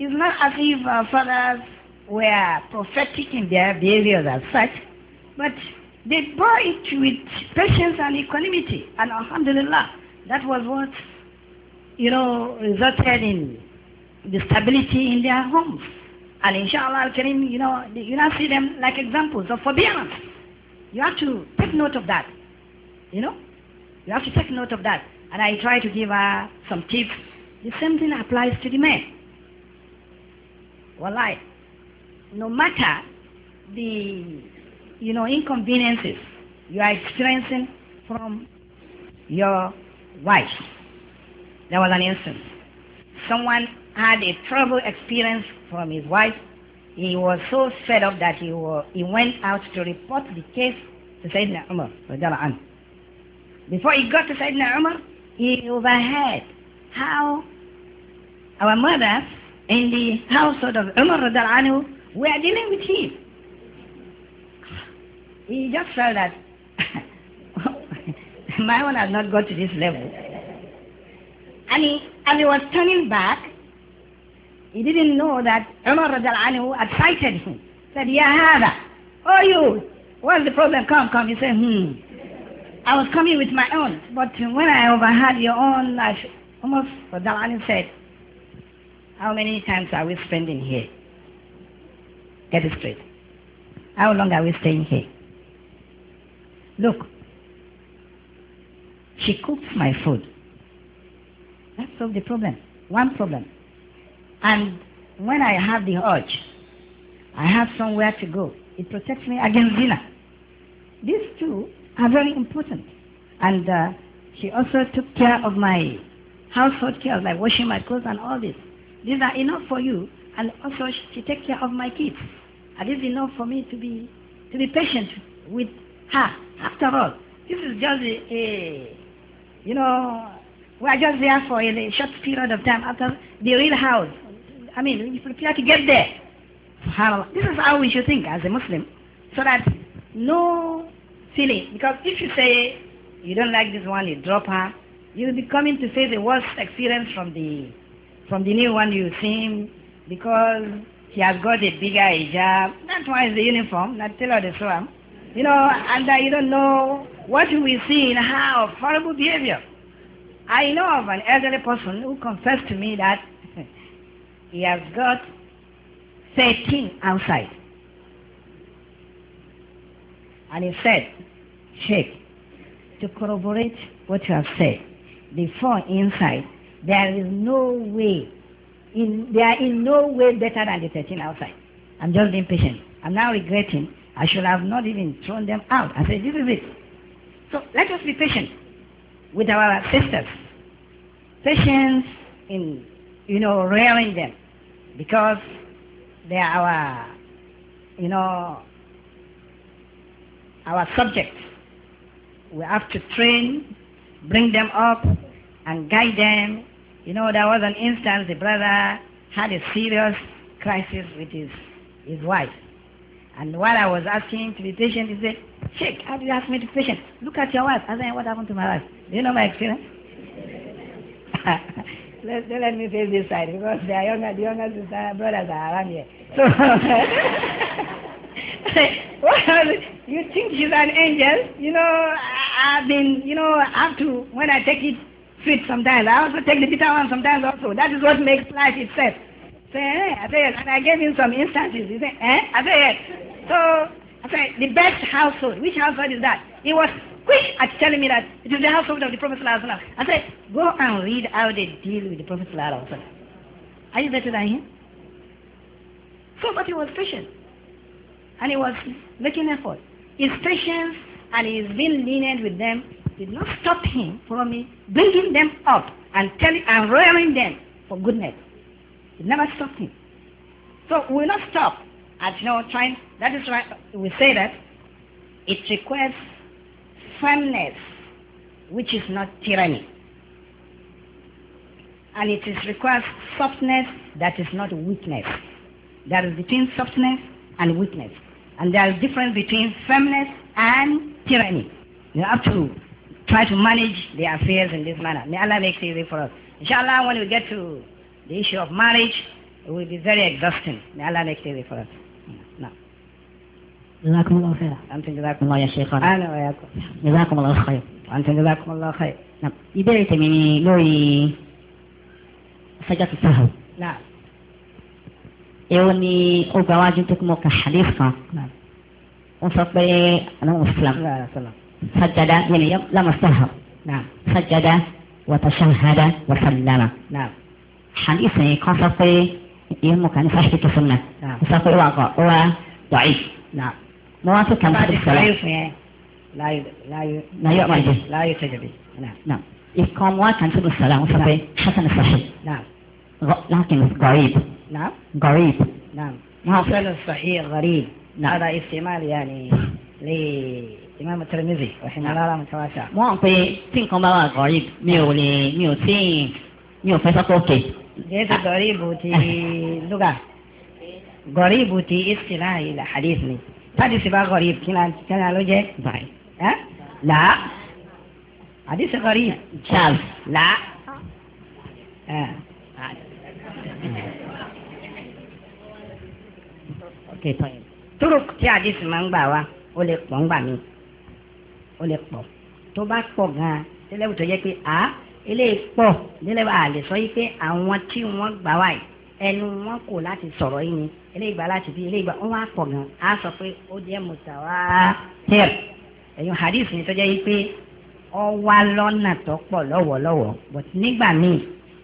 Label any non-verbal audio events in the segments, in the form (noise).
It's not as if our fathers were prophetic in their behaviors as such, but they bore it with patience and equanimity. And alhamdulillah, that was what, you know, resulted in the stability in their homes. And inshallah al-Karim, you know, you now see them like examples of forbearance. You have to take note of that. You know? You have to take note of that. And I try to give her some tips. The same thing applies to the men. Wallahi, no matter the you know inconveniences you are experiencing from your wife. There was an instance. Someone had a trouble experience from his wife. He was so fed up that he, he went out to report the case to Sayyidina Umar. Before he got to Sayyidina Umar, he overheard how our mothers in the household of Umar Anhu are dealing with him. He just felt that (laughs) my one has not got to this level. And he, and he was turning back. He didn't know that Umar Anhu had sighted him. Said, Ya Hada, oh you, what's the problem? Come, come. He said, hmm. I was coming with my own, but when I overheard your own, I almost, Radal said, how many times are we spending here? Get it straight. How long are we staying here? Look, she cooks my food. That solves the problem. One problem. And when I have the urge, I have somewhere to go. It protects me against dinner. These two are very important. And uh, she also took care of my household care, like washing my clothes and all this. These are enough for you. And also she takes care of my kids. And it's enough for me to be, to be patient with her. After all, this is just a, a you know, we are just there for a, short period of time after the real house. I mean, we prepare to get there. This is how we should think as a Muslim. So that no feeling. Because if you say you don't like this one, you drop her, you'll be coming to say the worst experience from the from the new one you see him because he has got a bigger hijab. That one is the uniform, not tailor the swam. You know, and uh, you don't know what you will see in her of horrible behavior. I know of an elderly person who confessed to me that (laughs) he has got 13 outside. And he said, Sheikh, to corroborate what you have said, the four inside there is no way, in, they are in no way better than the 13 outside. I'm just being patient. I'm now regretting. I should have not even thrown them out. I said, this is it. So let us be patient with our sisters. Patience in, you know, rearing them because they are our, you know, our subjects. We have to train, bring them up, and guide them. You know, there was an instance the brother had a serious crisis with his, his wife. And while I was asking him to be patient, he said, Sheikh, how do you ask me to be patient? Look at your wife. I said, what happened to my wife? Do you know my experience? (laughs) let, let me face this side because they are younger, the younger sister, brothers are around here. So, (laughs) well, you think she's an angel? You know, I've been, you know, I have to, when I take it sometimes. I also take the bitter one sometimes also. That is what makes life itself. Say, eh? I say, and I gave him some instances. He said, eh? I say, yes. So, I say, the best household. Which household is that? He was quick at telling me that it is the household of the Prophet Sallallahu I said, go and read how they deal with the Prophet Sallallahu Are you better than him? So, but he was patient. And he was making effort. His patience and his being lenient with them did not stop him from bringing them up and telling and rearing them for goodness. It never stopped him. So we will not stop at you know trying. That is why we say that it requires firmness, which is not tyranny, and it is requires softness that is not weakness. There is between softness and weakness, and there is difference between firmness and tyranny. You have to try to manage their affairs in this manner. May Allah make it easy for us. Inshallah, when we get to the issue of marriage, it will be very exhausting. May Allah make it easy for us. No. جزاكم الله خيرا. أنتم جزاكم الله يا شيخنا. أنا وياكم. جزاكم الله خير. أنتم جزاكم الله خير. نعم. إبرة مني لوري سجدة السهو. نعم. èwo ni ó gbáwájú tó kún mọ́ kà hàlífà. نعم. wọ́n sọ pé aláwọ̀ islam. سجد يعني لم استهر نعم سجد وتشهد وسلم نعم حديث قصصي يوم كان صحيح السنة نعم قصصي هو ضعيف نعم موافق كما في الصلاة يعني لا ي... لا ي... لا يؤمن به لا يحتج به نعم نعم إقامة كان في الصلاة وصحيح نعم. حسن الصحيح نعم غ... لكن غريب نعم غريب نعم حسن الصحيح غريب نعم هذا استعمال يعني ل imam tirmidhi ọ̀sìn alára mùsàlásà. wọ́n pe tí nǹkan bá wà gọ̀rí mi ò lè mi ò tí mi ò fẹ́ sọ́kọ̀ òkè. jésù gọ̀rí ibù ti lúgà gọ̀rí ti ìsìlá ìlà hadith ni tádìsì bá gọ̀rí ibù kí ni a ló jẹ́. là hadith gọ̀rí charles là. ok tọ́yìn. túrùkù tí hadith máa ń gbà wá ó lè pọ̀ ń gbà mí ó lè pọ̀ tó bá pọ̀ gan-an nílẹ̀ tó jẹ́ pé a eléyìí pọ̀ nílẹ̀ bá a lè sọ yìí pé àwọn tí wọ́n gbà wáyé ẹnu wọn kò láti sọ̀rọ̀ yìí ni eléyìí gbà láti bí eléyìí gbà wọ́n wá pọ̀ gan-an a sọ pé ó jẹ́ mutawatir ẹ̀yìn hadith ni tó jẹ́ yìí pé ọ wá lọ́nà tó pọ̀ lọ́wọ́lọ́wọ́ but nígbà míì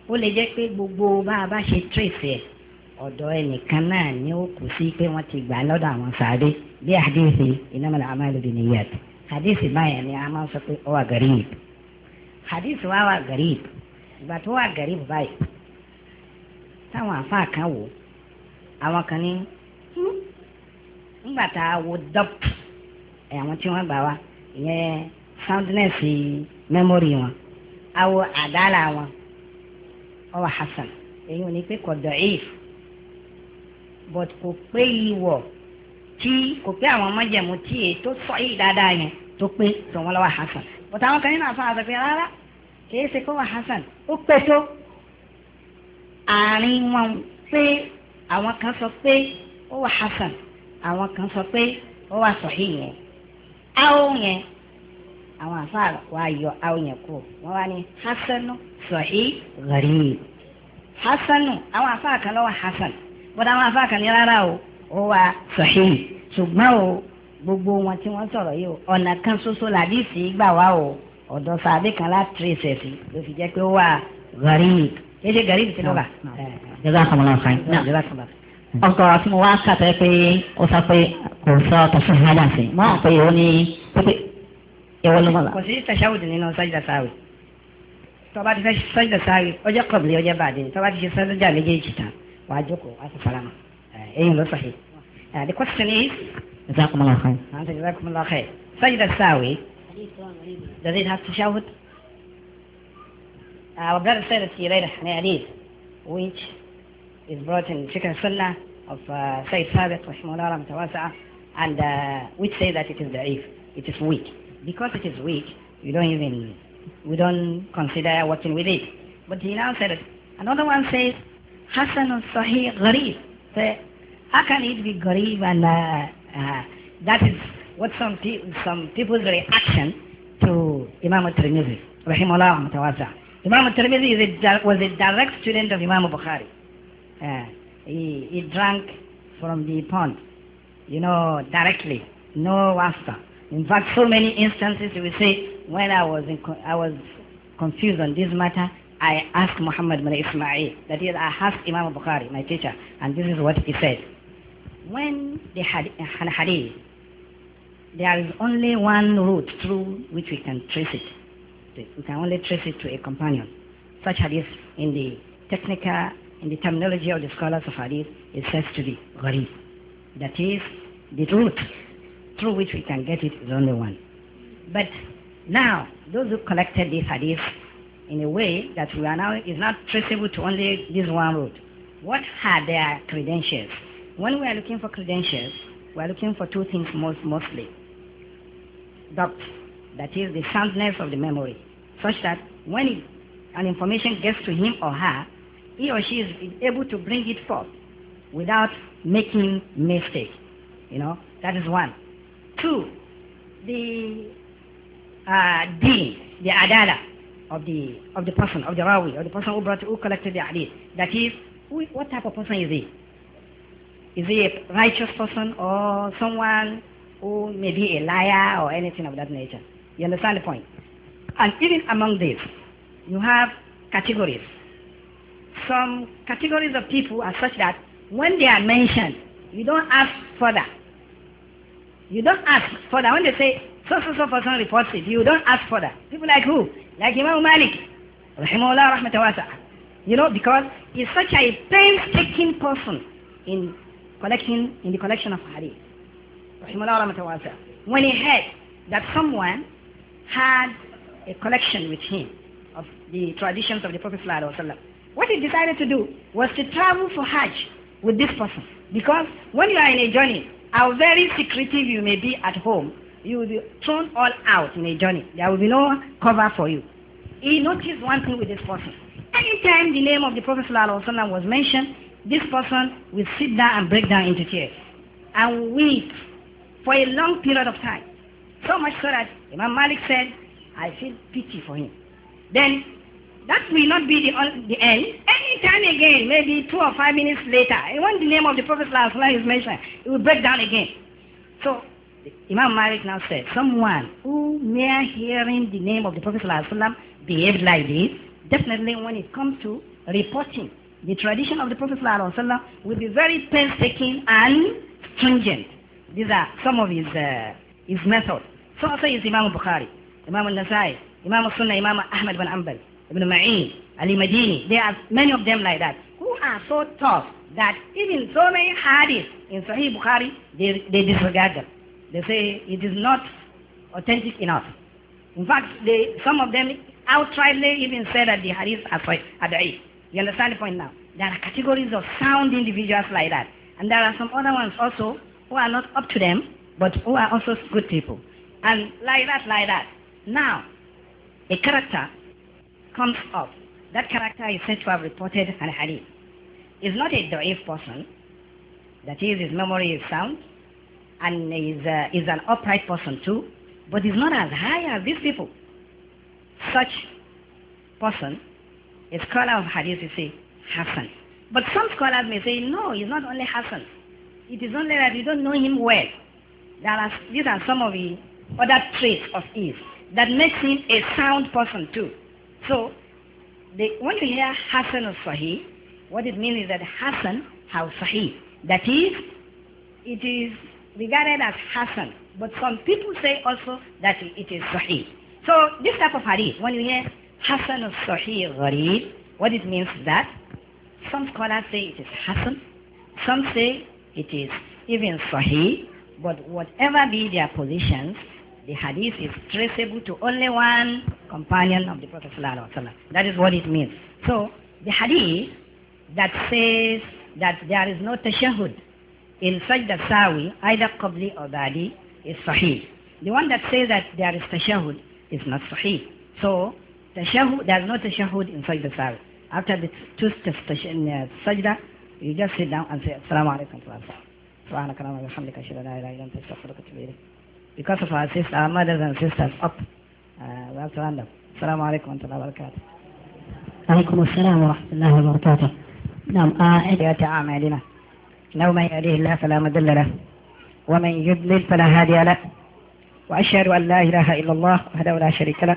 ó lè jẹ́ pé gbogbo bá a bá ṣe trace ẹ̀ ọ̀dọ̀ ẹnìkan náà ni ó kù sí pé wọ́n ti gbà lọ́dọ̀ àwọn sáré bí àdéhùn ìnáwó àwọn àlùbí nìyàtọ̀ hadisi báyẹn ni a máa ń sọ pé ó wà garib hadisi wa wà garib ìgbà tó wà garib báyìí táwọn àfáà kan wò àwọn kan ní ńgbà tá a wo dọ́p ẹ̀ àwọn tí wọ́n gbà wá ìyẹn soundness memory wọn awo àdáàlà wọn ó wà hasan èyí ò ní pé kò dọ̀ if but kò pé ìwọ̀ tí kò pé àwọn mọ́jẹ̀mú tí èyí tó sọ yìí dáadáa yẹn tó pé tó wọn lọ́wọ́ hasan bọ̀tà àwọn kan nínú àfọwọ́ àti pé rárá kìí ṣe kó wà hasan ó pé tó àárín wọn pé àwọn kan sọ pé ó wà hasan àwọn kan sọ pé ó wà sọ̀hí yẹn áwò yẹn àwọn àfọwọ́ wa yọ áwò yẹn kú wọn wá ní hasanu sọ̀hí gharib hasanu àwọn àfọwọ́ kan lọ́wọ́ hasan bọ̀tà àwọn àfọwọ́ kan ní rárá o ó wà sọ̀hí yìí ṣùgbọ́n o gbogbo wọn tí wọ́n sọ̀rọ̀ yìí o ọ̀nà kan ṣoṣo làdíìsì gbà wá o ọ̀dọ̀ sàbí kan láti tírèsì ẹ̀sì ló fi jẹ́ pé ó wà gàríìb kí ṣe gàríìb tí ló wà. jẹ́sà kàmọ́lá fain náà jẹ́sà kàmọ́lá ọkọ̀ tí mo wá kàtẹ́ pé ó sọ pé kò sọ tọ̀sán ìhàjà sí mọ́ pé ó ní pé ìwọ ló mọ̀ la. kò sí tẹ̀síwòdì nínú sọ́jà sáré tọ́ba ti fẹ́ sọ́jà sáré ọjọ́ kọ̀ọ̀bìlì ọjọ́ bàdé tọ́ba ti ṣe sọ́jà méjèèjì tán wàá jókòó wàá sì farama ẹ̀yìn ló sọ̀hìn. Uh, the question is, جزاكم الله خير. أنت جزاكم الله خير. from الساوي. Does it have to Uh, our brother said that he read an hadith which is brought in Shikha Sunnah of uh, Sayyid Sabiq Rahimahullah Mutawasa'ah and uh, which say that it is da'if, it is weak. Because it is weak, we don't even, we don't consider working with it. But he now said it. Another one says, Hassan al-Sahih Gharib. Say, how can it be Garib and uh, uh, that is what some, pe some people's reaction to Imam al-Tirmidhi, rahimahullah mutawaza. Imam al-Tirmidhi was a direct student of Imam Bukhari. Uh, he, he drank from the pond, you know, directly, no wasta. In fact, so many instances we say, when I was, in, I was confused on this matter, I asked Muhammad bin Ismail, that is, I asked Imam Bukhari, my teacher, and this is what he said when the had uh, an hadith, there is only one route through which we can trace it. We can only trace it to a companion. Such hadith in the technical, in the terminology of the scholars of hadith, is said to be gharib. That is, the route through which we can get it is only one. But now, those who collected these hadith in a way that we are now is not traceable to only this one route. What are their credentials? When we are looking for credentials, we are looking for two things most mostly. Doubt, that is the soundness of the memory, such that when it, an information gets to him or her, he or she is able to bring it forth without making mistake. You know, that is one. Two, the uh, the adala of the of the person, of the rawi, of the person who brought who collected the hadith. That is, who, what type of person is he? Is he a righteous person or someone who may be a liar or anything of that nature? You understand the point? And even among these, you have categories. Some categories of people are such that when they are mentioned, you don't ask further. You don't ask further. When they say, so so so person reports it, you don't ask further. People like who? Like Imam Malik. Rahimahullah rahmatawasa. You know, because he's such a painstaking person in collection in the collection of hadith when he heard that someone had a collection with him of the traditions of the Prophet ﷺ. What he decided to do was to travel for Hajj with this person. Because when you are in a journey, how very secretive you may be at home, you will be thrown all out in a journey. There will be no cover for you. He noticed one thing with this person. Anytime the name of the Prophet ﷺ was mentioned, this person will sit down and break down into tears and weep for a long period of time. So much so that Imam Malik said, I feel pity for him. Then that will not be the, the end. Any time again, maybe two or five minutes later, when the name of the Prophet is mentioned, it will break down again. So Imam Malik now said, someone who mere hearing the name of the Prophet behaved like this, definitely when it comes to reporting the tradition of the Prophet ﷺ will be very painstaking and stringent. These are some of his, uh, his methods. So also is Imam Bukhari, Imam al-Nasai, Imam sunnah Imam Ahmad bin Ambal, Ibn Ma'in, Ali Madini. There are many of them like that who are so tough that even so many hadiths in Sahih Bukhari, they, they disregard them. They say it is not authentic enough. In fact, they, some of them outrightly even say that the hadiths are, are da'if. You understand the point now? There are categories of sound individuals like that. And there are some other ones also who are not up to them, but who are also good people. And like that, like that. Now, a character comes up. That character is said to have reported an hadith. Is not a da'if person. That is, his memory is sound. And is, uh, is an upright person too. But is not as high as these people. Such person a scholar of hadith will say, Hassan. But some scholars may say, no, he's not only Hassan. It is only that you don't know him well. There are, these are some of the other traits of his that makes him a sound person too. So, the, when you hear Hassan of Sahih, what it means is that Hassan has Sahih. That is, it is regarded as Hassan. But some people say also that it is Sahih. So this type of hadith, when you hear Hasan al-Sahih Gharib, what it means is that some scholars say it is Hassan, some say it is even Sahih, but whatever be their positions, the hadith is traceable to only one companion of the Prophet ﷺ. That is what it means. So the hadith that says that there is no tashahud in sajda sawi, either qabli or badi, is sahih. The one that says that there is tashahud is not sahih. So Tashahud, there is no tashahud in Sajda Sawi. After the two steps in uh, Sajda, you just sit down and say, Assalamu alaikum to Allah. سبحانك اللهم وبحمدك اشهد ان لا اله الا انت استغفرك واتوب اليك because of our sisters our mothers and sisters up uh, we have to end up السلام عليكم ورحمه الله وبركاته عليكم السلام ورحمه الله وبركاته نعم آه، إيه. آيات اعمالنا لو من يهديه الله فلا مضل له ومن يضلل فلا هادي له واشهد ان لا اله الا الله وحده لا شريك له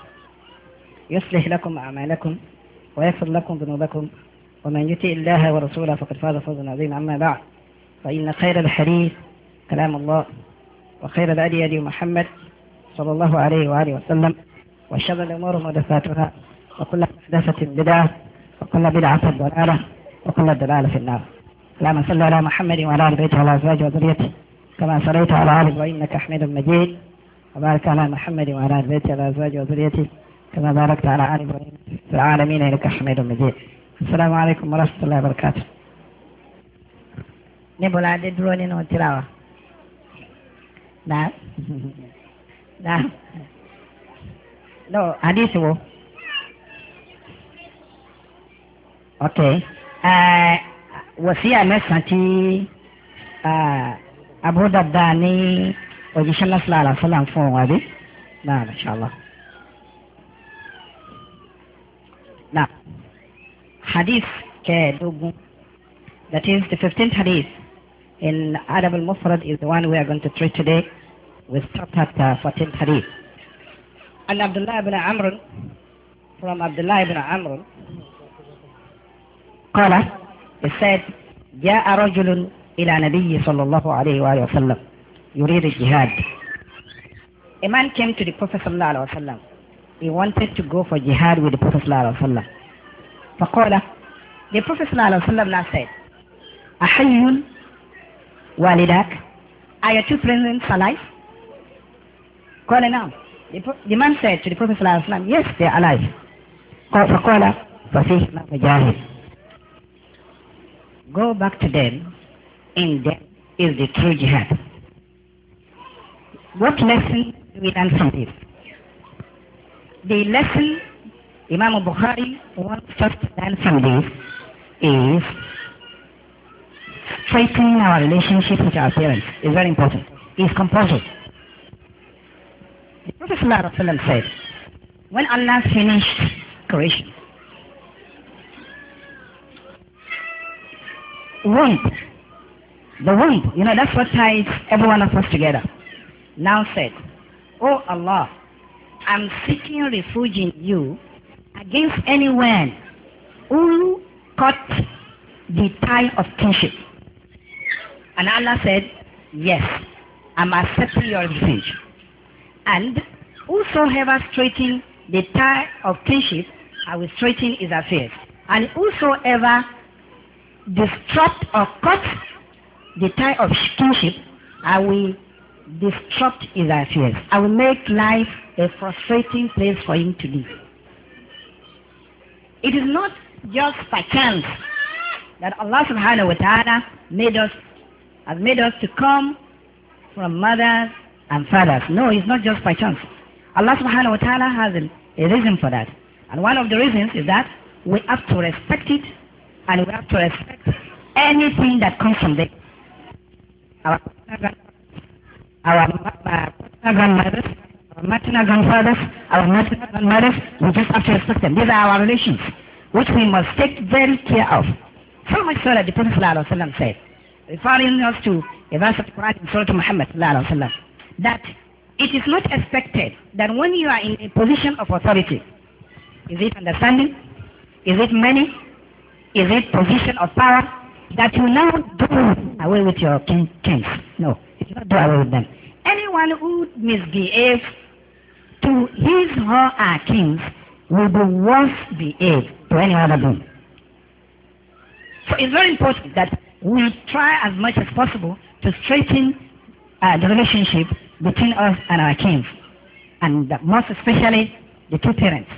يصلح لكم أعمالكم ويغفر لكم ذنوبكم ومن يطع الله ورسوله فقد فاز فوزا عظيما أما بعد فإن خير الحديث كلام الله وخير الهدي هدي محمد صلى الله عليه وآله وسلم وشر الأمور محدثاتها وكل محدثة بدعة وكل بدعة ضلالة وكل ضلالة في النار اللهم صل على محمد وعلى آل بيته وعلى أزواجه وذريته كما صليت على آل إبراهيم إنك حميد مجيد وبارك على محمد وعلى آل بيته وعلى أزواجه وذريته كما باركت على آل إبراهيم في العالمين إنك حميد مجيد السلام عليكم ورحمة الله وبركاته نبولا دي دروني نو تراوا نعم (laughs) نعم لو حديث هو اوكي ا وصيه مسنتي ا ابو دداني وجي شلا صلى الله عليه وسلم فون وادي نعم ان شاء الله Now, hadith Kedogun, that is the 15th hadith in Adab al-Mufrad is the one we are going to treat today. We stop at uh, 14th hadith. And Abdullah ibn Amr, from Abdullah ibn Amr, قال, he said, جاء رجل إلى نبي صلى الله عليه وآله وسلم يريد الجهاد. A man came to the Prophet صلى الله عليه وسلم he wanted to go for jihad with the Prophet ﷺ. فقال The Prophet ﷺ now said, أحي walidak, Are your two friends alive? قال نعم. The, the man said to the Prophet ﷺ, Yes, they are alive. قال فقال ففيهما فجاهد. Go back to them, in them is the true jihad. What lesson do we learn from this? The lesson Imam Bukhari wants us to learn from this is strengthening our relationship with our parents is very important. It's compulsory. The Prophet said, when Allah finished creation, womb, the womb, you know, that's what ties every one of us together. Now said, Oh Allah, am seeking refuge in you against anyone who cut the tie of kinship. And Allah said, Yes, I'm accepting your refuge. And whosoever straighten the tie of kinship, I will straighten his affairs. And whosoever disrupt or cut the tie of kinship, I will disrupt his affairs. I will make life a frustrating place for him to live. It is not just by chance that Allah subhanahu wa ta'ala made us, has made us to come from mothers and fathers. No, it's not just by chance. Allah subhanahu wa ta'ala has a, a reason for that. And one of the reasons is that we have to respect it and we have to respect anything that comes from them. Our our maternal grandmothers, our maternal grandfathers, our maternal grandmothers, we just have to respect them. These are our relations, which we must take very care of. So much so that the Prophet ﷺ said, referring us to a verse of the Quran in Surah Muhammad ﷺ, that it is not expected that when you are in a position of authority, is it understanding? Is it money? Is it position of power? That you now do away with your kin. kings. No. It is not with them. Anyone who misbehaves to his or her kings will be worse behaved to any other being. So it's very important that we try as much as possible to straighten uh, the relationship between us and our kings, and most especially the two parents,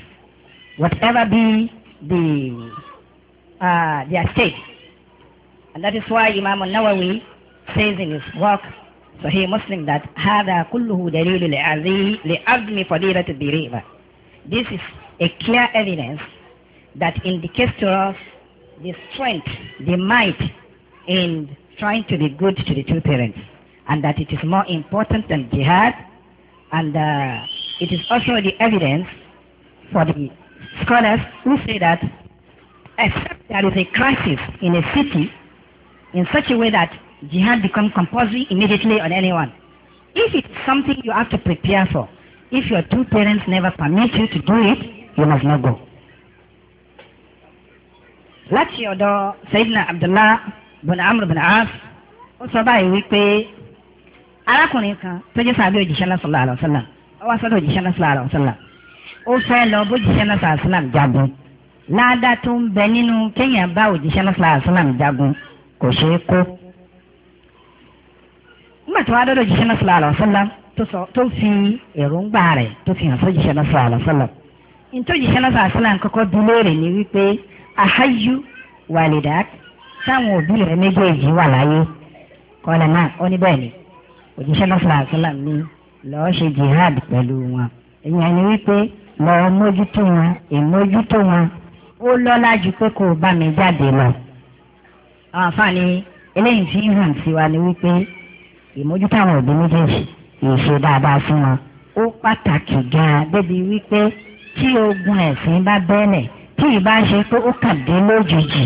whatever be the uh, their state. And that is why Imam al-Nawawi says in his work must think that هذا كله دليل لعظم فضيلة الدريبة. This is a clear evidence that indicates to us the strength, the might in trying to be good to the two parents and that it is more important than jihad and uh, it is also the evidence for the scholars who say that except there is a crisis in a city in such a way that jihad become compulsory immediately on anyone. If it's something you have to prepare for, if your two parents never permit you to do it, you must not go. láti ọ̀dọ̀ Sayyidina Abdullah bin Amr bin As ó sọ báyìí wípé arákùnrin kan tó jẹ́ sábẹ́ òjíṣẹ́ náà sallallahu alaihi wasallam ó wá sọ́dọ̀ òjíṣẹ́ náà sallallahu alaihi wasallam ó fẹ́ lọ bójíṣẹ́ náà sallallahu alaihi jagun láàdá tó ń bẹ nínú kéèyàn bá òjíṣẹ́ náà sallallahu alaihi jagun kò ṣeé kó nígbà tí wọ́n á dọ́dọ̀ jíṣẹ́ náà sọ̀rọ̀ àlọ́ sọ́lá tó fi èròǹgbà rẹ̀ tó fi hàn sọ́jíṣẹ́ náà sọ̀rọ̀ àlọ́ sọ́lá ìtòjíṣẹ́ náà sọ̀rọ̀ sọ́lá kọ́kọ́ dúlóòrè ni wípé ahayu walidak táwọn òbí rẹ̀ méjèèjì wà láyé kọ́lẹ̀ náà ó ní bẹ́ẹ̀ ni òjíṣẹ́ náà sọ̀rọ̀ sọ́lá ni lọ́ọ́ ṣe jihad pẹ̀lú wọn ìyẹn ni wípé lọ́ọ́ mójútó wọn ìmójútó wọn ó lọ́lá ju pé kò bá mi jáde lọ. àwọn àfààní eléyìí ìmójútó àwọn òbí méjèèjì ìṣe dáadáa fún wọn ó pàtàkì gan-an débi wípé tí ogun ẹ̀sìn bá bẹ́ẹ̀lẹ̀ tí ìbá ṣe pé ó kàn dé lójijì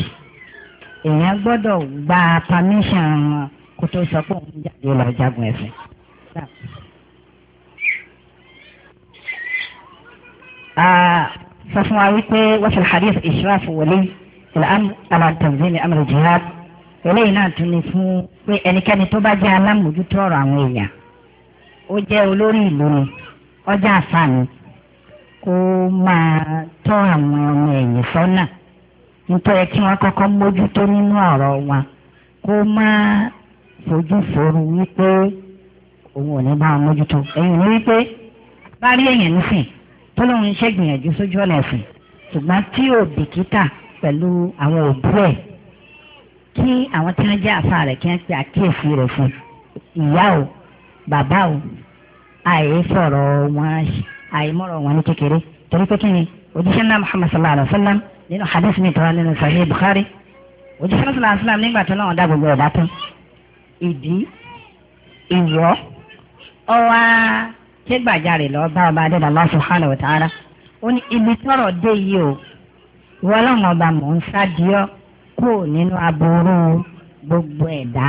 èèyàn gbọ́dọ̀ gba pàmíṣàn wọn kó tó sọ pé òun jáde lọ jagun ẹ̀sìn. sọ fún wa wípé wọ́n fi hadith israf wọlé ìlànà àlàntànzí ni amr jihad. eléyìí náà tún ni fún pé ẹnikẹ́ni tó bá jẹ́ alámòjútó ọ̀rọ̀ àwọn èèyàn ó jẹ́ olórí ìlú ni ọjà àfààní kó máa tọ́ àwọn ọmọ ẹ̀yìn sọ́nà nítorí kí wọ́n kọ́kọ́ mójútó nínú ọ̀rọ̀ wọn kó máa fojú fòrò wípé òun ò ní bá wọn mójútó èyí ni wípé bá rí èèyàn nísìn tó lóun ṣègbìyànjú sójú ọ̀nà ẹ̀sìn ṣùgbọ́n tí ò bìkítà pẹ̀lú àwọn òbú ẹ̀ kí àwọn tí wọ́n jẹ́ àfa rẹ̀ kí wọ́n pe àkíyèsí rẹ̀ fún ìyá o bàbá o àyè sọ̀rọ̀ wọn àyè mọ̀rọ̀ wọn ní kékeré torí pé kí ni òjíṣẹ́ náà Muhammad sallallahu alayhi wa sallam nínú hadith mi tọ́ra nínú Sahih Bukhari òjíṣẹ́ náà sallallahu alayhi wa sallam nígbà tó náà dá gbogbo ẹ̀dá tán ìdí ìyọ́ ọwọ́ kégbàjarè lọ bá ọba adéda Allah subhanahu wa ta'ala ó ní ibi tọ́rọ̀ dé yìí o wọ́n lọ́wọ́ kúrò nínú aburú gbogbo ẹ̀dá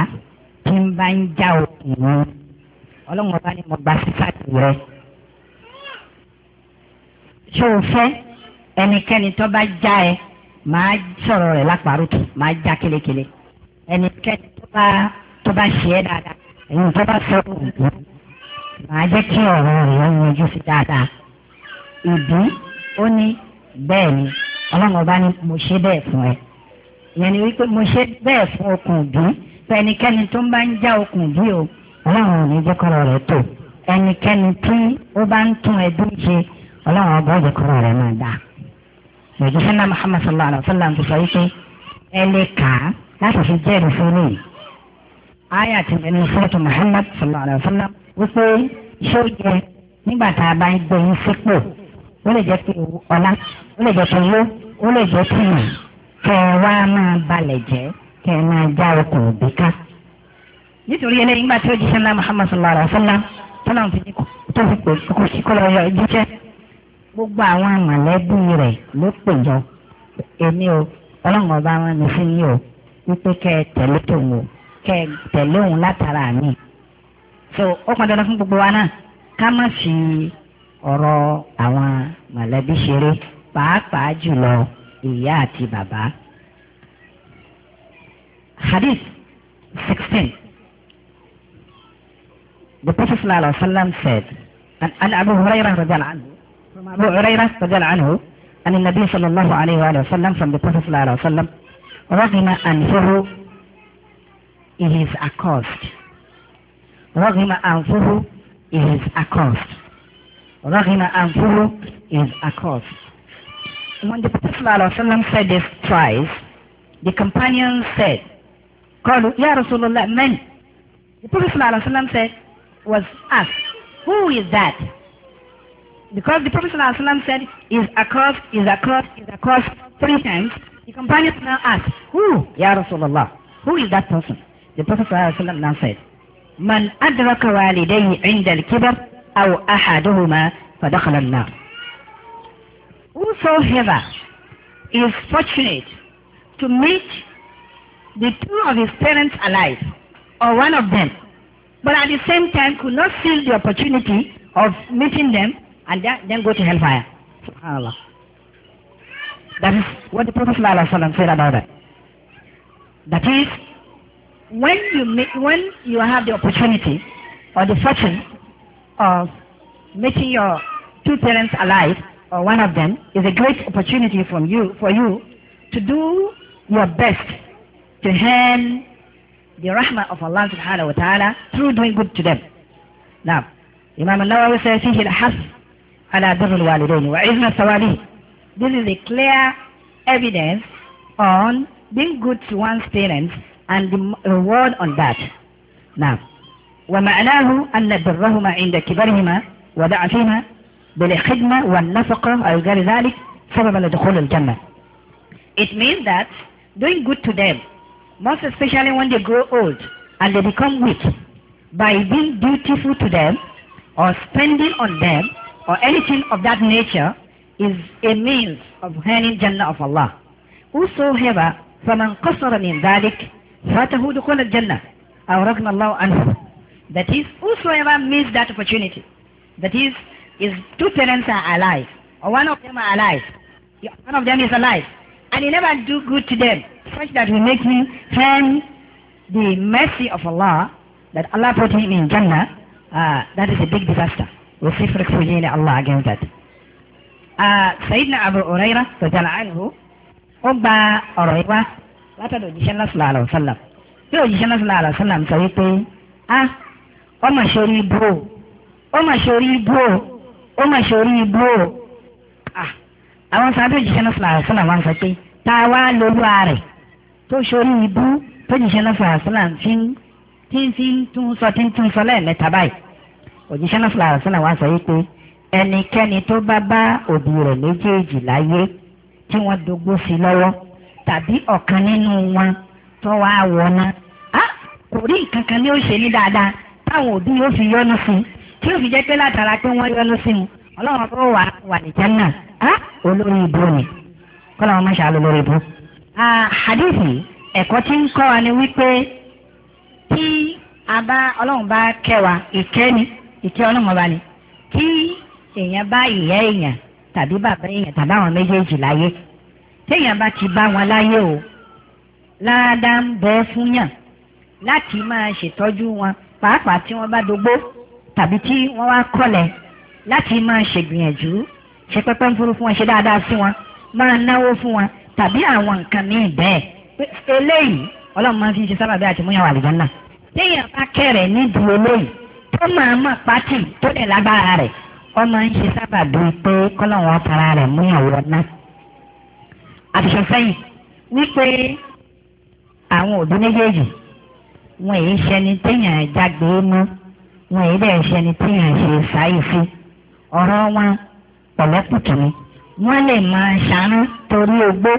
tí ń bá ń já òkè wọn ọlọ́run ọba ni mo gba sísàtì rẹ. ṣé o fẹ́ ẹnikẹ́ni tó bá já ẹ máa sọ̀rọ̀ rẹ̀ lápárùtù máa já kélékélé ẹnikẹ́ni tó bá ṣe é dáadáa èyí tó bá sọ̀rọ̀ òkú máa jẹ́ kí ọ̀rọ̀ rẹ̀ yanjú sí dáadáa. ìdí ó ní bẹ́ẹ̀ ni ọlọ́run ọba ni mo ṣe bẹ́ẹ̀ fún ẹ ìyẹn ni wípé mo ṣe bẹ́ẹ̀ fún okùn bí ẹnikẹ́ni tó ń bá ń já okùn bí o ọlọ́run ò ní jẹ́ kọ́rọ̀ rẹ̀ tó ẹnikẹ́ni tí ó bá ń tún ẹbí ṣe ọlọ́run ọba ó jẹ́ rẹ̀ máa dá. ìrètí sẹ́nà Muhammad sallallahu alayhi wa sallam ti sọ wípé ẹ lè kà á láti fi jẹ́rìí fún mi. àyà ti bẹ̀rẹ̀ sọ́ọ̀tù Muhammad sallallahu alayhi wa sallam wípé ṣó yẹ nígbà tá a bá ń gbé yín sípò ó lè jẹ́ pé ọlá ó lè jẹ́ pé owó ó lè jẹ́ pé ìrìn. kẹwa ma wá máa balẹ̀ jẹ́ kẹ já okùn òbí ká. nítorí eléyìí ńgbà tí ó jíṣẹ́ ńlá Muhammad sallallahu alaihi wa sallam tọ́lá fi tó fi pè sí jíṣẹ́ gbogbo àwọn mọ̀lẹ́bí rẹ̀ ló pè jọ èmi o ọlọ́run o wípé kẹ tẹ̀lé tòun o so ó pọn dandan fún gbogbo wa náà ká má ọ̀rọ̀ àwọn ṣeré pàápàá jùlọ. ياتي بابا حديث 16 The Prophet الله عليه وسلم said, and, and Abu Hurairah radiallahu anhu, from Abu Hurairah radiallahu anhu, and the الله عليه وآله وسلم from the Prophet الله عليه وسلم رغم أنفه he is accursed. رغم أنفه he is accursed. رغم أنفه he is accursed. When the Prophet ﷺ said this twice, the companions said, "Kalu يا رسول The Prophet ﷺ said, was asked, who is that? Because the Prophet ﷺ said, is across, is across, is across three times, the companions now asked, who? Ya Rasulullah, who is that person? The Prophet ﷺ now said, من أدرك والديه kibar الكبر أو أحدهما فدخل النار whosoever is fortunate to meet the two of his parents alive, or one of them, but at the same time could not seize the opportunity of meeting them and that, then go to hellfire. SubhanAllah. That is what the Prophet ﷺ said about that. That is, when you, meet, when you have the opportunity or the fortune of meeting your two parents alive, or one of them is a great opportunity from you, for you to do your best to hand the rahmah of Allah subhanahu wa ta'ala through doing good to them. Now, Imam al-Nawawi says, فيه الحث على بر الوالدين وعزم الثواليه. This is a clear evidence on being good to one's parents and the reward on that. Now, ومعناه أن برهما عند كبرهما وضعفهما بالخدمة والنفقة أو غير ذلك لدخول الجنة It means that doing good to them most especially when they grow old and they become weak by being dutiful to them or spending on them or anything of that nature is a means of earning Jannah of Allah. Whosoever فَمَنْ قَصَرَ مِنْ ذَلِكَ فَاتَهُ دُخُولَ الْجَنَّةِ أَوْ رَغْنَ اللَّهُ عَنْهُ That is, whosoever missed that opportunity, that is, his two parents are alive, or one of them are alive, one of them is alive, and he never do good to them, such that will make him turn the mercy of Allah, that Allah put him in Jannah, uh, that is a big disaster. We seek refuge in Allah against that. Uh, Sayyidina Abu Uraira, Rajala Anhu, ó gba ọ̀rọ̀ yìí wá látọ̀dọ̀ òjíṣẹ́ náà sọ̀rọ̀ àlọ́ sọ̀lá bí òjíṣẹ́ náà sọ̀rọ̀ àlọ́ sọ̀lá sọ wípé ah ọmọ ṣe orí ibú o ọmọ ṣe naa soro ah omo se Bro, ibu o omo se ó mà ṣe orí ibú o àwọn sábẹ́ òjíṣẹ́ náà fúnra fúnra wọn sọ pé tá a wá lolúwa rẹ̀ tó ṣe orí ibú tó jíṣẹ́ náà fúnra fúnra fi ń tí ń fi ń tún sọ tí ń tún sọ lẹ́ẹ̀mẹ́ta báyìí òjíṣẹ́ náà fúnra fúnra wọn sọ yìí pé ẹnikẹ́ni tó bá bá òbí rẹ̀ méjèèjì láyé tí wọ́n dogbo sí lọ́wọ́ tàbí ọ̀kan nínú wọn tó wá wọná kò rí nǹkan kan ní ó ṣe ní dáadáa táwọn òbí yóò fi yọ́nú sí i tí yóò fi jẹ́ pé látara pé wọ́n yọ́nú sí mu ọlọ́run tó wà wà ní jẹ́nà á olórí ibú ni kọ́lá wọn máṣe àlọ́ lórí ibú. hadithi ẹ̀kọ́ tí ń kọ́ wa ni wípé tí a bá ọlọ́run bá kẹ́ ìkẹ́ ni ìkẹ́ ọlọ́run ọba ni tí èèyàn bá ìyá èèyàn tàbí bàbá èèyàn tàbí àwọn méjèèjì láyé téèyàn bá ti bá wọn láyé o láàdá ń bẹ fún yàn láti máa ṣètọ́jú wọn pàápàá tí wọ́n bá dogbó tàbí tí wọ́n wá kọ́lẹ̀ láti máa ṣègbìyànjú ṣe pẹ́pẹ́ ń furu fún wọn ṣe dáadáa sí wọn máa náwó fún wọn tàbí àwọn nǹkan míì bẹ́ẹ̀ eléyìí ọlọ́run máa fi ṣe sábàbí àti múyàn wà lùdánná téèyàn bá kẹ̀rẹ̀ nídìí eléyìí tó máa mọ̀ pátì tó dẹ̀ lágbára rẹ̀ wọ́n máa ń ṣe sábàbí pé kọ́lọ́wọ́n fara rẹ̀ múyàn wọ̀ náà àtúnṣe sẹ́yìn wípé àwọn òbí méjèèjì wọn èyí ṣẹni téèyàn jágbe mú wọn èyí dẹ̀ ṣe ni tí yàn ṣe sáyé fún ọ̀rọ̀ wọn pọ̀lọ́pùtù ni wọ́n lè máa ṣàánú torí ogbó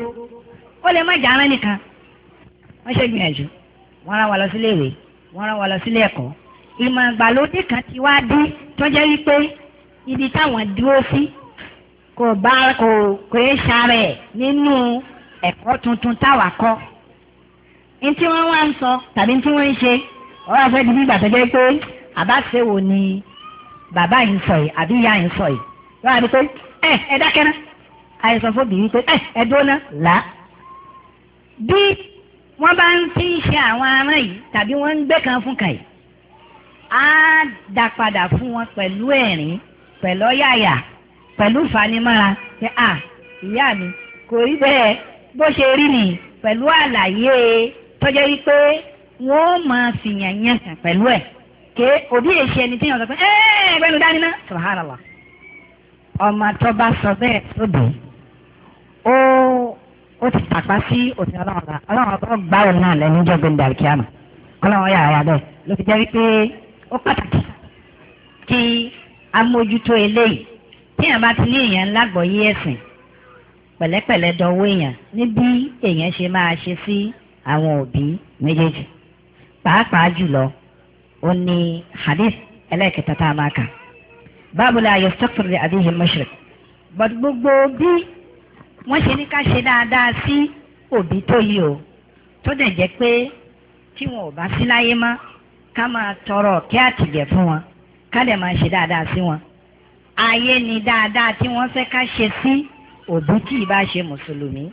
ó lè má jàánú nìkan wọ́n ṣe gbìyànjú wọ́n rán wa lọ sílé ìwé wọ́n rán wa lọ sílé ẹ̀kọ́ ìmọ̀ ìgbàlódé kan ti wá dé tó jẹ́ wípé ibi táwọn dúró sí kò bá kò kò é ṣàrẹ̀ nínú ẹ̀kọ́ tuntun táwa kọ́ ní tí wọ́n wá ń sọ tàbí tí wọ́n ń ṣe ọ̀rọ̀ àfẹ́ di bí ìgbà tó jẹ́ pé àbáṣe wo ni bàbá yìí ń sọ yìí àbí ìyá yìí ń sọ yìí wọ́n á rí pé ẹ ẹ dákẹ́ ná àìsàn fún bìí pé ẹ ẹ dúró ná là á. bí wọ́n bá ń fi ṣe àwọn ará yìí tàbí wọ́n ń gbé kan fún kàì á dá padà fún wọn pẹ̀lú ẹ̀rín pẹ̀lú ọ̀yàyà pẹ̀lú fanimọ́ra pé à ìyá mi kò rí bẹ́ẹ̀ bó ṣe rí nìyí pẹ̀lú àlàyé tọ́jọ́ yìí pé wọ́n máa fìyàn yàn pẹ̀lú ẹ̀ kéé òbí lè ṣe ẹni tí yàn sọ pé ẹ́ẹ̀ ẹgbẹ́nu dání ná subhanallah ọmọ tó bá sọ bẹ́ẹ̀ tó bì í ó ó ti tàpá sí òfin ọlọ́run ọba ọlọ́run ọba gbá òun náà lẹ́nu jọ gbẹ̀ndà kíámà ọlọ́run yà wá bẹ́ẹ̀ ló fi jẹ́ wípé ó pàtàkì kí amójútó eléyìí tí èèyàn bá ti ní èèyàn lágbọ̀ọ́yé ẹ̀sìn pẹ̀lẹ́pẹ̀lẹ́ dọwọ́ èèyàn ní bí èèyàn ṣe máa ṣe sí àwọn òbí méjèèjì pàápàá jùlọ ó ní hadith ẹlẹ́ẹ̀kẹta tá a máa kà báàbò la yastaghfir li abihim mashriq but gbogbo bí wọ́n ṣe ní ká ṣe dáadáa sí òbí tó yí o tó dẹ̀ jẹ́ pé tí wọn ò bá sí láyé mọ́ ká máa tọrọ kí àtìgẹ̀ fún wọn ká dẹ̀ máa ṣe dáadáa sí wọn ayé ni dáadáa tí wọ́n fẹ́ ká ṣe sí òbí tí ì bá ṣe mùsùlùmí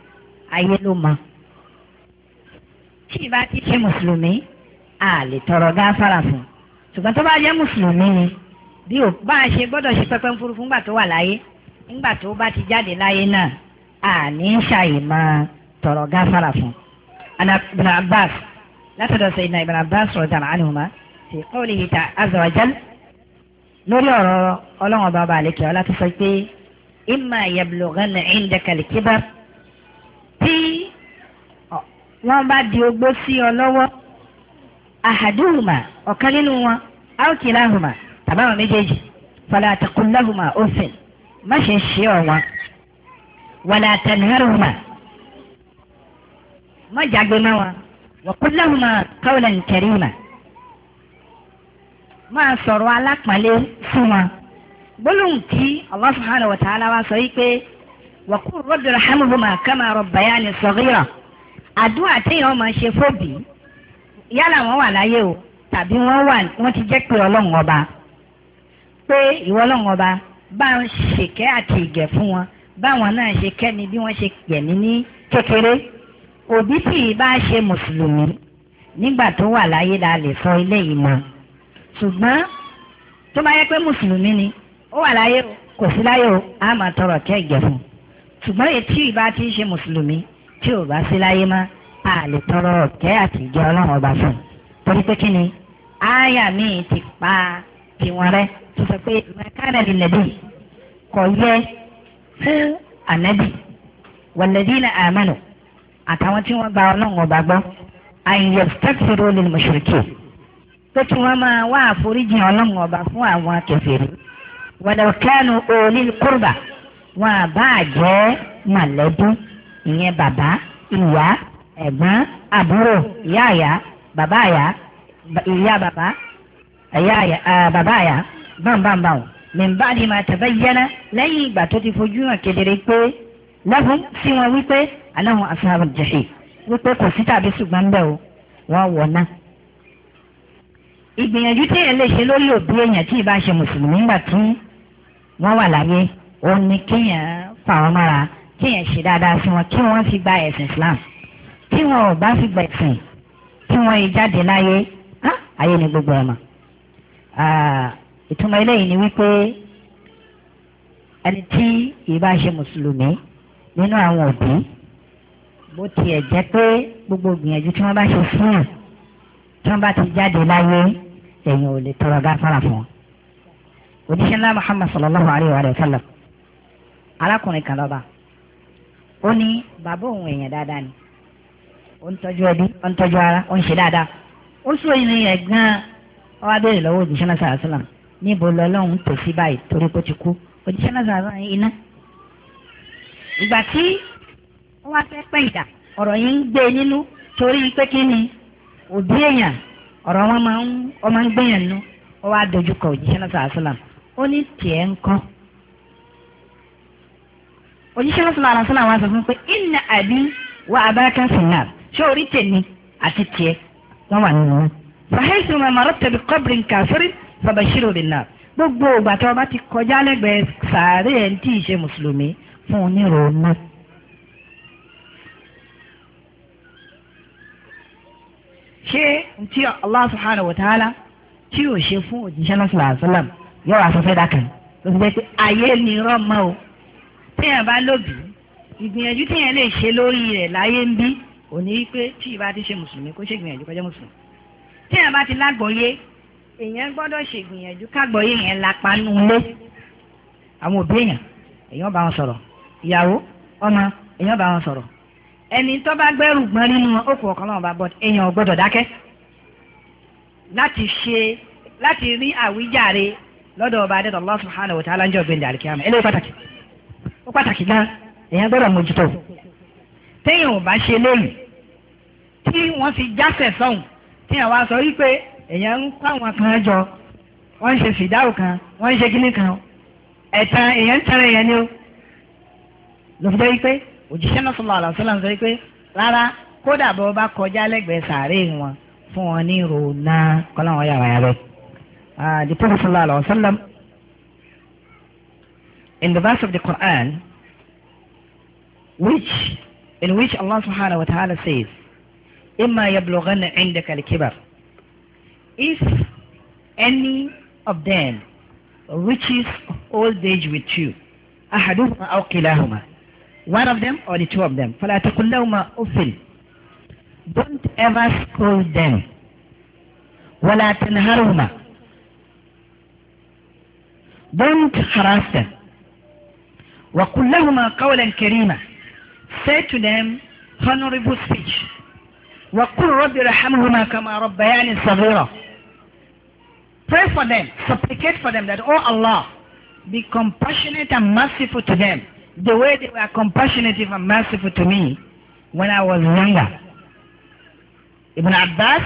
ayé ló mọ tí ì bá ti ṣe mùsùlùmí a lè tọrọ gáfárà fún ṣùgbọ́n tó bá jẹ́ mùsùlùmí ni bí ò bá a ṣe gbọ́dọ̀ ṣe pẹpẹ fúru fún gbà tó wà láyé ńgbà tó bá ti jáde láyé náà a ní ṣàyè máa tọrọ gáfárà fún. ana ibn abbas látọ̀dọ̀ sayyidina ibn abbas radiyallahu anhuma fi qawlihi azza wa jal lórí ọ̀rọ̀ ọlọ́wọ́n bàbá àlekè ọlá tó sọ pé imma yablughanna indaka al tí wọ́n bá di ogbó sí ọ lọ́wọ́ ahaduhuma ọ̀kan nínú wọn aukilahuma tàbí àwọn méjèèjì fala taqul lahuma uffin má ṣe ṣe ọ̀wọ́n wala tanharhuma má jágbe má wọn wa qul lahuma qawlan karima máa sọ̀rọ̀ alápàlẹ́ fún wọn gbólóhùn tí Allah subhanahu wa ta'ala wa sọ yìí pé wa qur rabbi rahamhuma kama rabbayani téèyàn máa ṣe fóbìí yálà wọ́n wà láyé o tàbí wọ́n wà wọ́n ti jẹ́ pé ọlọ́run ọba pé ìwọ ọlọ́run ọba bá ń ṣèkẹ́ àti ìgẹ̀ fún wọn báwọn náà ṣe kẹ́ni bí wọ́n ṣe yẹ̀mí ní kékeré òbí tí ì bá ṣe mùsùlùmí nígbà tó wà láyé la lè sọ ilé yìí mọ́ ṣùgbọ́n tó bá yẹ pé mùsùlùmí ni ó wà láyé kò sí láyé o á máa tọrọ kẹ́ ìgẹ̀ fún ṣùgbọ́n ètí ì bá ti ṣe mùsùlùmí tí ò bá sí láyé máa a lè tọrọ ọ̀kẹ́ àti ìjẹ ọlọ́run ọba fún un torí pé kí ni ááyà míì ti pa tiwọn rẹ tó sọ pé mẹkánà lè lẹbi kò yẹ fún ànábì wàlẹ́dínà àmánù àtàwọn tí wọ́n gba ọlọ́run ọba gbọ́ àyè stẹ́kìrì olè mọ̀ṣẹ̀kì pé kí wọ́n máa wá àforíjì ọlọ́run ọba fún àwọn akẹfẹ̀rí wàlẹ́kẹ́nu olè kúrbà wọn àbá àjẹ́ màlẹ́bí ìyẹn bàbá ìyá ẹ̀gbọ́n àbúrò ìyá àyà bàbá àyà ìyá bàbá ẹ̀yà àyà bàbá àyà bámbámbám mìmbá ni màá tẹ̀fẹ́ yẹnà lẹ́yìn ìgbà tó ti fojú hàn kedere pé lẹ́fún sí wọn wípé aláwọn asáhàbùn jẹ̀ṣẹ̀ wípé kò sí tàbí ṣùgbọ́n bẹ́ẹ̀ o wọ́n wọ̀ náà. ìgbìyànjú tí èèyàn lè ṣe lórí òbí èèyàn tí ìbá ṣe mùsùlùmí ńgbà tí wọ́n wà láyé òun ni kéèyàn fà wọ́n mára kéèyàn ṣe dáadáa sí wọn kí wọ́n fi gba ẹ̀sìn Islam tí wọn ò bá fi gbẹ̀sìn tí wọn yìí jáde láyé ayé ni gbogbo ẹ̀ mọ̀ ìtumọ̀ eléyìí ni wípé ẹni tí ìbá ṣe mùsùlùmí nínú àwọn òbí bó tiẹ̀ jẹ́ pé gbogbo gbìyànjú tí wọ́n bá ṣe fún ẹ̀ tí wọ́n bá ti jáde láyé èèyàn ò lè tọrọ gáfárà fún wọn. oníṣẹ́ ńlá Muhammad sallallahu alayhi wa sallam arákùnrin kan lọ́ba ó ní bàbá òun èèyàn dáadáa ni ó ń tọ́jú ẹbí ó ń tọ́jú ara ó ń ṣe dáadáa ó sọ ìrìn rẹ̀ gan-an ó wá béèrè lọ́wọ́ òjíṣẹ́ náà sàásùlà níbo lọ́lọ́run tò sí báyìí torí kó ti kú òjíṣẹ́ náà sàásùlà iná ìgbà tí ó wá fẹ́ pẹ́ ìdà ọ̀rọ̀ yìí ń gbé e nínú torí pé kí ni òbí èèyàn ọ̀rọ̀ wọn máa ń ọ máa ń gbéyàn nínú ó wá dojú kọ òjíṣẹ́ náà sàásùlà ó ní tiẹ̀ ń kọ́ òjíṣẹ́ náà sàásùlà wá sọ fún pé ìnà àbí wà abáká sùn náà ṣé orí tèmi àti tiẹ̀ wọ́n wà nínú wọn. fàhẹ́sì wọn màrọ́ tẹ̀bi kọ́bìrì kàfírí fàbàṣírò lè nà gbogbo ìgbà tó bá ti kọjá lẹ́gbẹ̀ẹ́ sàárè ẹ̀ ń tí ì ṣe mùsùlùmí fún oníròónà. ṣé tí Allah subhanahu wa ta'ala tí yóò ṣe fún òjíṣẹ́ náà sọ̀rọ̀ àṣọlám yóò wá sọ fẹ́ dákan ló pé ayé ni irọ́ o téèyàn bá lòbí ìgbìyànjú téèyàn lè ṣe lórí rẹ̀ láyé ń bí ò ní pé tí ìbá ti ṣe mùsùlùmí kó ṣègbìyànjú kọjá mùsùlùmí tí èèyàn bá ti lágbọ̀ọ́yé èèyàn gbọ́dọ̀ ṣègbìyànjú kágbọ̀ọ́yé yẹn lápá nù lé àwọn òbí èèyàn èèyàn bá wọn sọ̀rọ̀ ìyàwó ọmọ èèyàn bá wọn sọ̀rọ̀ ẹni tó bá gbẹ́rù gbọ́n nínú okò ọ̀kan náà bá bọ́ èèyàn gbọ́dọ̀ dákẹ́ láti ṣe láti rí àwíjàre lọ́dọ̀ ọba adẹ́dọ̀ Allah subhanahu wa ta'ala ń jọ gbẹ̀ndẹ̀ àríkíyàmù eléyìí pàtàkì ó pàtàkì gan téèyàn ò bá ṣe léyìn tí wọ́n fi jásẹ̀ sọ̀hún téèyàn wá sọ wípé èèyàn ń kó àwọn kan jọ wọ́n ń ṣe fìdáwò kan wọ́n ń ṣe kíní kan ẹ̀tàn èèyàn ń tẹ̀lé èèyàn ni ó lọ́fíjọ́ wípé òjíṣẹ́ náà sọ̀rọ̀ àlọ́ sọ́lá ń sọ wípé rárá kódà bọ́ bá kọjá lẹ́gbẹ̀ẹ́ sàárè wọn fún wọn ní ròna kọ́láwọn yàrá yàrá. The Prophet sallallahu alaihi wasallam in the verse of the Quran which in which Allah subhanahu wa ta'ala says, إِمَّا يَبْلُغَنَّ عِنْدَكَ الْكِبَرِ If any of them reaches old age with you, أَحَدُهُمَا أَوْ كِلَاهُمَا One of them or the two of them. فَلَا تَقُلْ لَهُمَا أُفِّلْ Don't ever scold them. وَلَا تَنْهَرْهُمَا Don't harass them. وَقُلْ لَهُمَا قَوْلًا كَرِيمًا Say to them honorable speech. Pray for them, supplicate for them that, Oh Allah, be compassionate and merciful to them the way they were compassionate and merciful to me when I was younger. Ibn Abbas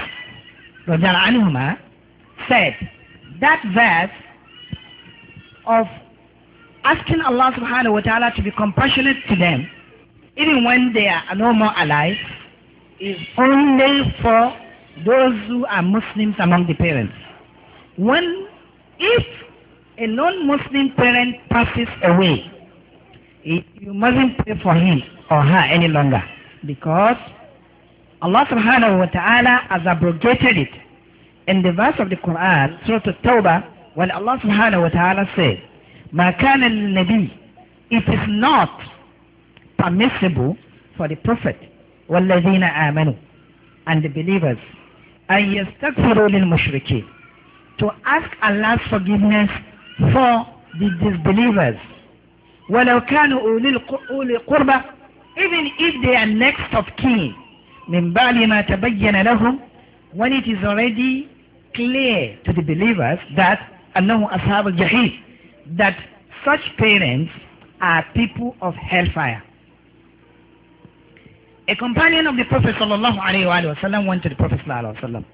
anhuma, said that verse of asking Allah subhanahu wa ta'ala to be compassionate to them even when they are no more alive, is only for those who are Muslims among the parents. When, if a non-Muslim parent passes away, it, you mustn't pray for him or her any longer because Allah subhanahu wa ta'ala has abrogated it. In the verse of the Quran, Surah Taubah. tawbah when Allah subhanahu wa ta'ala said, مَا al-Nabi," it It is not permissible for the Prophet والذين آمنوا and the believers أن يستغفروا للمشركين to ask Allah's forgiveness for the disbelievers ولو كانوا أولي القربى even if they are next of kin من بعد ما تبين لهم when it is already clear to the believers that أنهم أصحاب الجحيم that such parents are people of hellfire A companion of the Prophet sallallahu alaihi wasallam went to the Prophet sallallahu alaihi wasallam